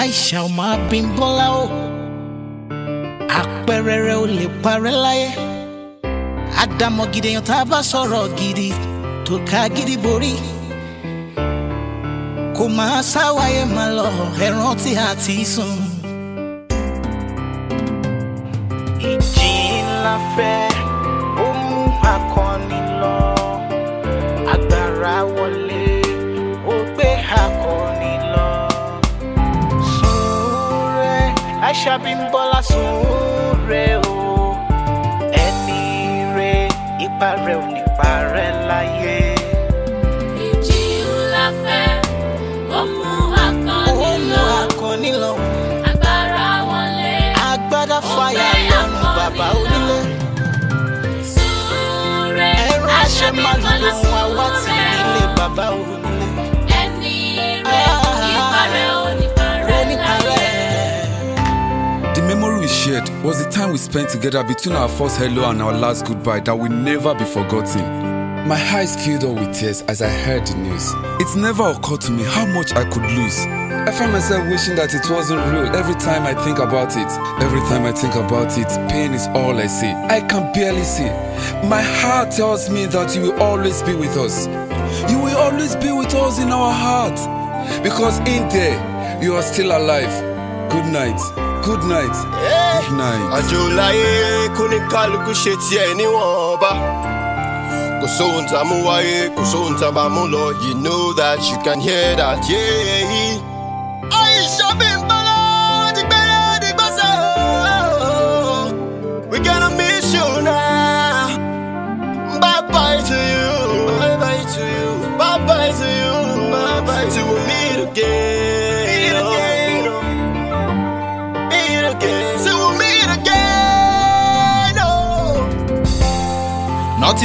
Aisha ọmọ Abímbọ́lá o àpẹẹrẹ rẹ ò lè parẹ́ láyé àdàmọ̀ gidi èèyàn tá a bá sọ̀rọ̀ gidi tó ká gidi borí kò máa sáwáyé máa lọ ẹran tí a ti sùn. ìjì ńlá fẹ́ ó mú akọni lọ agbára wọ. Ṣàbímbọ́lá Sùúrè o ẹni rẹ ipa rẹ ò ní parẹ́ láyé. ìjì ńlá fẹ́ ó mú akọni lọ. agbára wọlé agbádá fàyà lọ́nu bàbá onílé. Sùúrè Ṣàbímbọ́lá Sùúrè ẹ̀rọ aṣẹ́ màlúù àwọn àwa ti ilé bàbá onílé. shared was the time we spent together between our first hello and our last goodbye that will never be forgotten. My eyes filled up with tears as I heard the news. It never occurred to me how much I could lose. I find myself wishing that it wasn't real every time I think about it. Every time I think about it, pain is all I see. I can barely see. My heart tells me that you will always be with us. You will always be with us in our hearts. Because in there, you are still alive. Good night good night. Eh. good night. àjòláyé kóníkálukú ṣe tiẹ̀ níwọ̀nba. kò sóhun tá a bá mú you know that you can hear that. Yeah. àìsàn bí n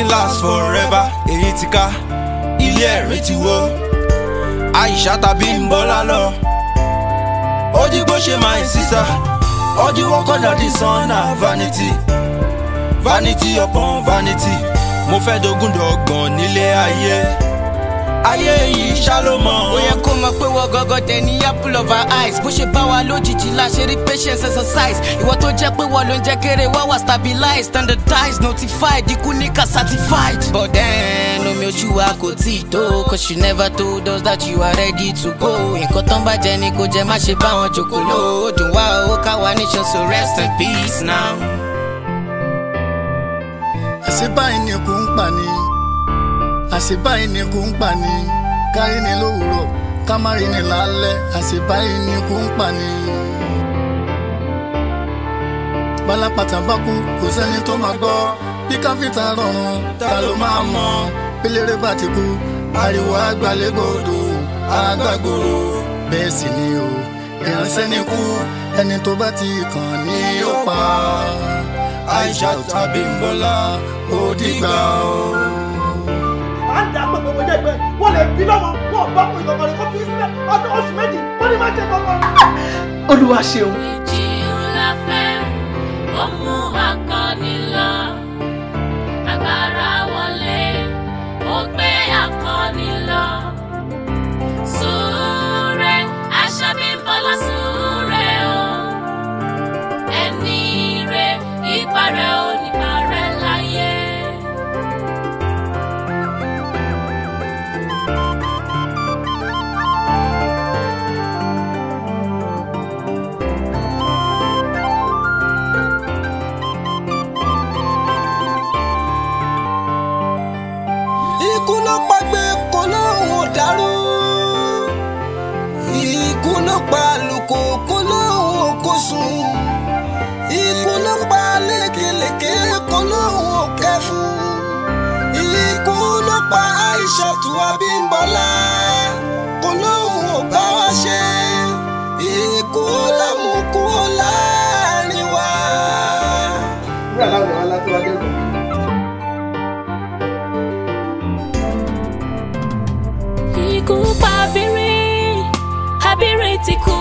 nothing lasts forever èyí ti ká ilé ẹ̀rí ti wó àyíṣà tàbí ń bọ́ lálọ́ ojú bó ṣe máa ń sísá ojú wọn kọjá di sun na vanity vanity upon vanity mo fẹ́ dogun dọ́gbọ̀n ní ayé yìí ṣá ló mọ̀. ó yẹ kó mọ̀ pé wọ́n gọ́gọ́ tẹ ní apple of our eyes bó ṣe bá wa lójijì la ṣe rí patience exercise ìwọ tó jẹ́ pé wọ́n ló ń jẹ́ kéré wá wà stabilize. standardized notified ikú níkà certified. but then omi oṣù wa kò tí ì tó cause you never told us that you are ready to go. nǹkan tán bá jẹ ni kò jẹ má ṣe bá wọn jòkó lóò dùn wá owó káwa níṣan so rest in peace now. àṣebáyé ni kò ń pa ni àṣebáyìí ni kò ń pa ni kárí ni lówùúrọ̀ ká má rí ni lálẹ́ àṣebáyìí ni kò ń pa ni. balapata bá kú kò sẹ́ni tó máa gbọ́ bí káfíńtà rọrùn ta ló máa mọ̀ pélére bá ti kú ariwo àgbàlégbòdo àgbàgbòrò bẹ́ẹ̀ sì ni o ìránṣẹ́ ni kú ẹni tó bá ti kàn ní yóò pa Aisha Abimbola ó dìgbà o. ọjọ́ oṣù ṣeun. ìjì fẹ́ ó mú akọni lọ agbára. págbé kò lóun ò dárú ikú ló pa àlùkò kò lóun ò kó sùn ikú ló pa lékelèké kò lóun ò kẹfun ikú ló pa Aishatu Abímbọ́lá. ikú pa abiri abiri ikú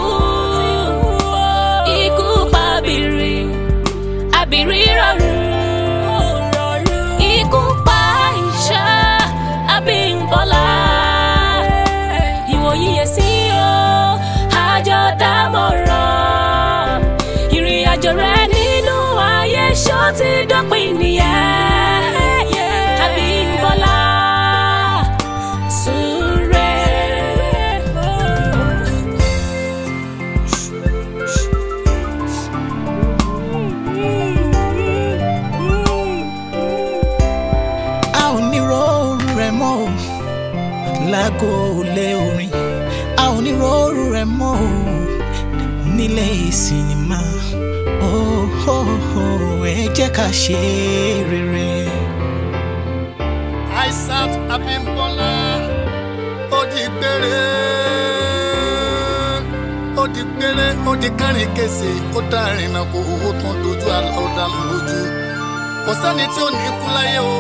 pa abiri abiri ò ní róòrù rẹ̀ mọ́ o lágò olè orin a ò ní róòrù rẹ̀ mọ́ o nílé sinimá ẹ jẹ́ ká ṣe rere. Aishat Abimbola ó di gbére ó di gbére ó di kárin kése owó tó ń dojú àlọ́ ọ̀dà lójú kò sẹ́ni tí ó ní ikú láyé o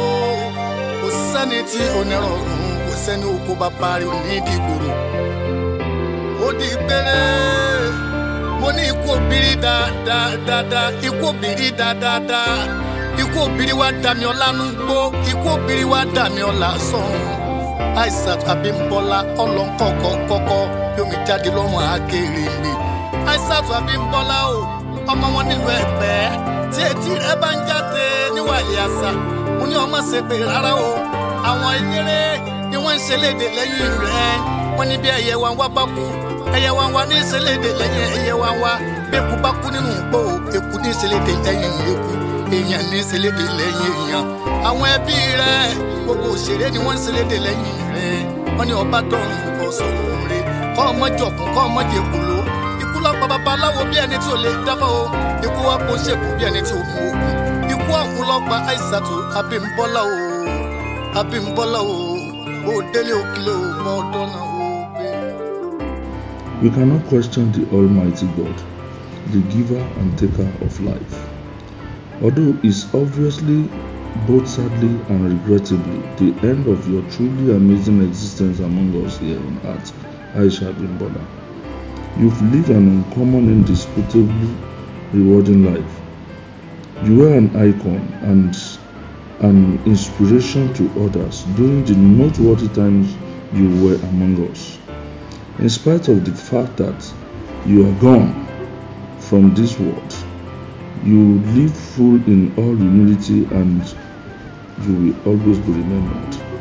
sẹ́ni tí onírọ̀rùn kò sẹ́ni oko bàbá rẹ̀ onídìgbòrò. ó di péré mo ní ikú òbírí dáadáa ikú òbírí dáadáa ikú òbírí wa dàmí ọlá ń gbó ikú òbírí wa dàmí ọlá sọ̀rùn Aishat Abímbọ́lá ọlọ́nkọ̀kọ̀ kọ́kọ́ yomi jáde lọ́rùn àgèrè mi Aishat Abímbọ́lá o ọmọ wọn nílùú Ẹ̀pẹ́ tí etí rẹ bá ń jáde níwáyé àṣà mo ní ọmọ ṣe rárá o àwọn eléré ni wọ́n ń ṣẹlẹ̀dẹ̀ lẹ́yìn rẹ̀ wọ́n ní bí ẹyẹ wa wá bá kú ẹyẹ wa wá ní ṣẹlẹ̀dẹ̀ lẹ́yìn ẹyẹ wa wá bí eku bá kú nínú gbò eku ní ṣẹlẹ̀dẹ̀ lẹ́yìn eku èèyàn ní ṣẹlẹ̀dẹ̀ lẹ́yìn èèyàn àwọn ẹbí rẹ gbogbo òṣèré ni wọ́n ń ṣẹlẹ̀dẹ̀ lẹ́yìn rẹ wọ́n ní ọba dọ̀rùn ọ̀sán òǹre kọ́ ọmọ jọ̀kún kọ́ ọmọ jẹ̀kùló ikú lọ́pàá babaláwo You We cannot question the Almighty God, the giver and taker of life. Although it's obviously both sadly and regrettably the end of your truly amazing existence among us here on earth, Aisha Bimbola. You've lived an uncommon, indisputably rewarding life. You were an icon and an inspiration to others during the noteworthy times you were among us. In spite of the fact that you are gone from this world, you live full in all humility and you will always be remembered.